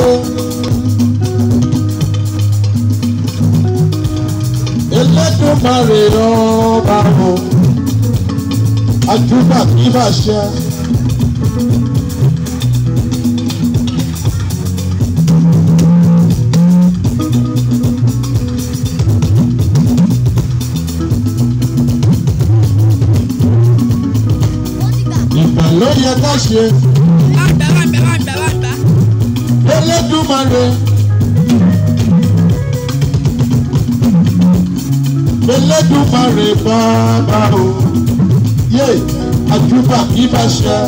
lọ. Elédùmarè lọ́ba wọn, àjùbà kì í máa ṣe. lórí máa lò. Elédùmarè bàbá o, yé àjùbà mi bá ṣe.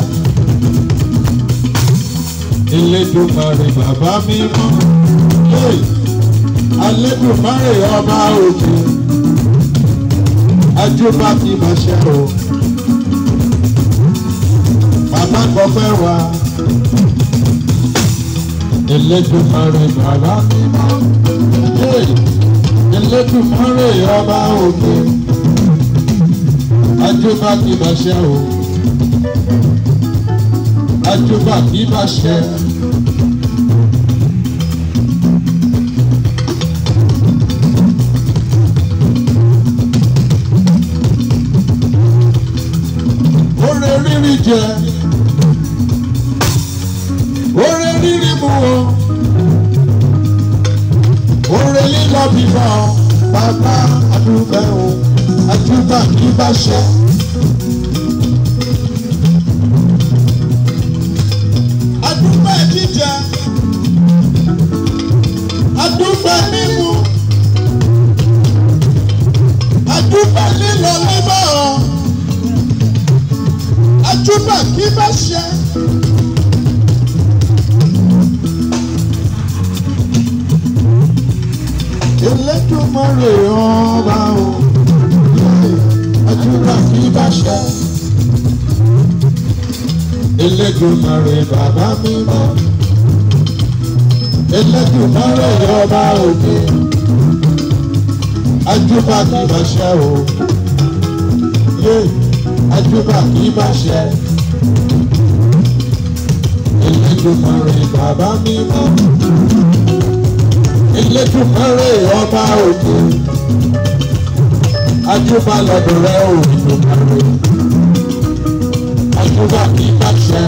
Elédùmarè bàbá mi mọ́, yé Alédùmarè ọba òkè. Àjùbà mi bá ṣe o, bàbá kọ́ fẹ́ wá. Elédùmarè bàbá mímọ́ Elédùmarè ọba òkè ajọba kì bá ṣe o ajọba kì bá ṣe. oore rírì jẹ oore mú o. Oore lílọ bíbá o, bàbá àdúgbẹ́ o, àdúgbà kí bá ṣe. Àdúgbà jíjẹ, àdúgbà mímu, àdúgbà lílọ bíbá o, àdúgbà kí bá ṣe. mọ̀rẹ̀ ọba o àdúrà kì í bá ṣe. Elédùmarè bàbá mímọ́ Elédùmarè ọba òkè àdúrà kì í bá ṣe o àdúrà kì í bá ṣe. Elédùmarè bàbá mímọ́. Elédùmarè ọba òkè ajúbalọ̀dọ̀ rẹ òkè ajúbà kí bá ṣẹ.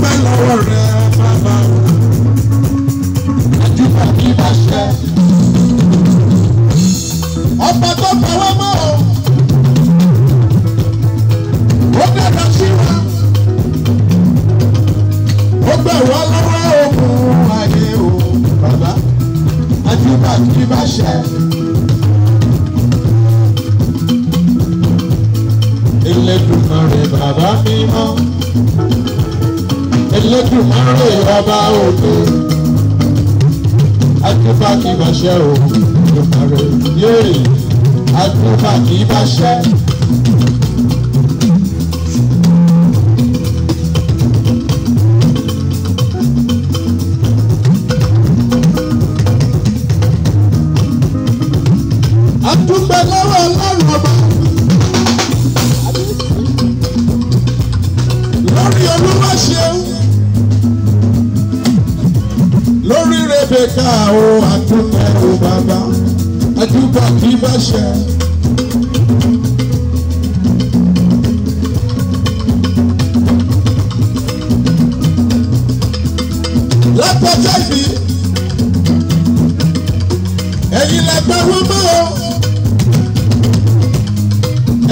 dúpẹ́ lọ́wọ́ rẹ bàbá àdúgbò kí bá ṣe. ọba tó fọwọ́ mọ́ o ó dàgbà sí wa ó gbà wá lọ́wọ́ òkun ayé o bàbá àdúgbò kí bá ṣe. Elédùmarè bàbá mi mọ́. Elédùmarè ọba òde adúbàkì bàṣẹ òde ìpàrẹ yéèrè adúbàkì bàṣẹ. dé ká o àtúntẹ̀ o bàbá àdúgbò kì í bá ṣe. látọjọ́ ìbí ẹ̀yin lẹ́gbẹ́ wọn mọ́ o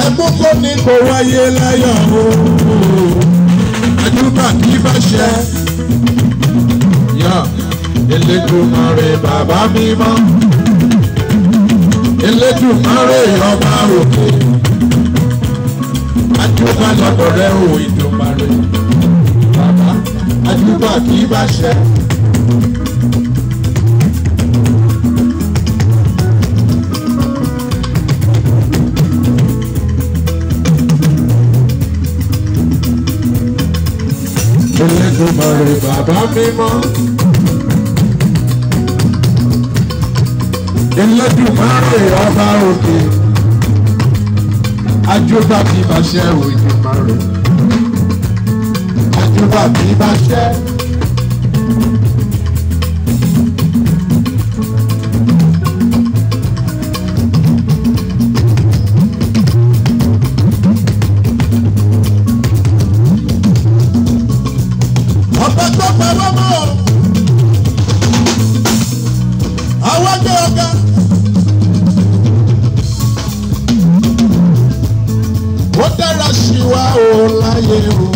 ẹ̀mú kò ní kò wáyé láyọ̀ o àdúgbò kì í bá ṣe. Elédùmarè bàbá mímọ́ Elédùmarè ọba òkè àdúgbà lọ́dọ̀ rẹ ò Ìdùmarè bàbá àdúgbà kì í bá ṣẹ. Elédùmarè bàbá mímọ́. Elédùmarè ọba òkè ajóbá bí bàṣẹ Olódùmarè ajóbá bí bàṣẹ. ọpẹ́ tó pẹ́ lọ́mọ́ àwọn ọdẹ ọ̀gá. tiwa ò láyé o.